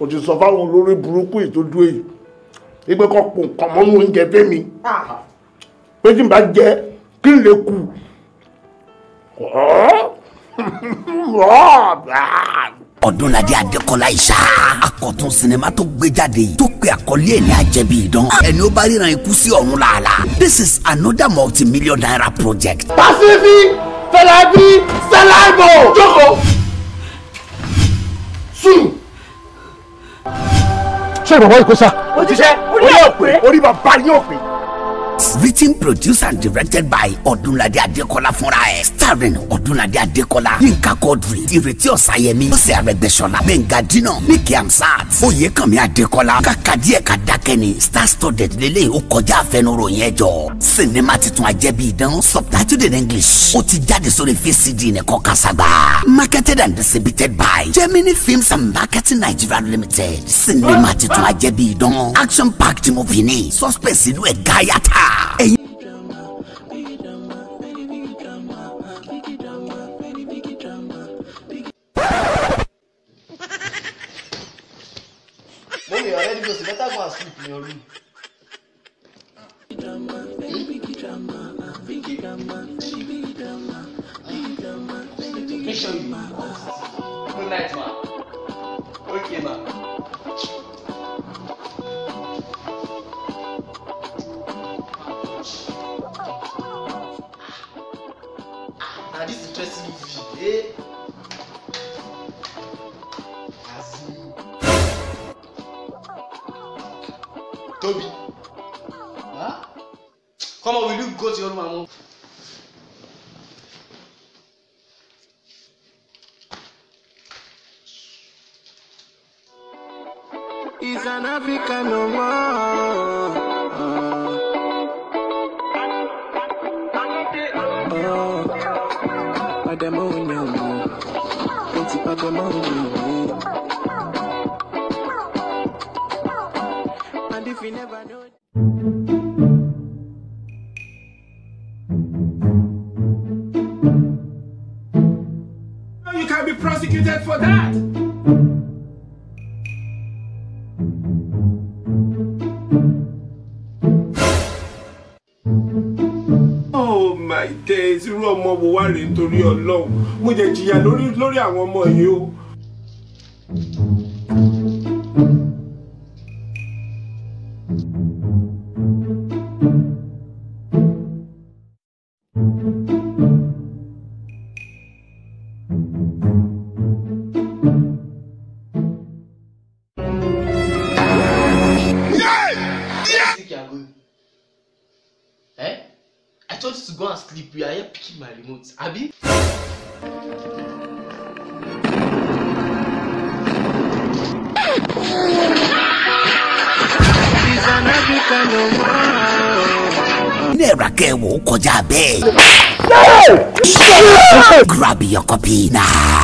mo ti sọ fáwọn olórí burúkú ìtọ́jú èyí wípé kọ́ pò nǹkan mọ́nú oúnjẹ fẹ́mi ah. pé tí n bá jẹ kí n lè kú ọdúnladé adékọlá ìṣá akọtún sinimá tó gbé jáde yìí tó pe àkọlé ẹ̀ ní àjẹbí idán ẹni ó bá ríran ikú sí ọ̀run làálàá this is another multi-million naira project. pàṣífì fẹlẹ bí sẹlẹ. ṣé ìbọ̀bọ̀ ìkó sá. ó ti ṣe orí bàbá yín ò pé Films written produced and directed by Ọdúnladé Adékọ́lá fúnra ẹ̀ starring Ọdúnladé Adékọ́lá Yínká Quadri Ìrètí Ọ̀sáyẹmí Bọ́sẹ̀ Arẹ́gbẹ́ṣọlá Gbẹ̀ngà Dínà Níkì Amsat Oyèkànmí Adékọ́lá kàkàdíẹ̀ kàdákẹ́ni star studded lélẹ̀ ó kọjá àfẹnuròyìn ẹ̀jọ̀ sinimá titun ajẹ́bí idán subtitled in English ó ti jáde sórí VCD nìkan kásá marketed and distributed by Germany Films and Marketing Nigeria Limited. sinimá titun ajẹ́bí idán action packed movie ni suspense inú ẹ̀ gáyàtà. Ey ne oluyor? Ne diyorsun? Ne takma sıkmıyorum. Mission. and this interesting movie eh as in tobi huh? come on will you go to your room and move. He's an African no more. You can be prosecuted for that. ìtẹ irú ọmọ wo wá rèé nítorí Ọlọ́run mo jẹ jìyà lórí lórí àwọn ọmọ yìí o. told you to go and sleep you are here picking my remote abi. ilé ìrà kẹwò kọjá bẹ́ẹ̀. grab your copy now.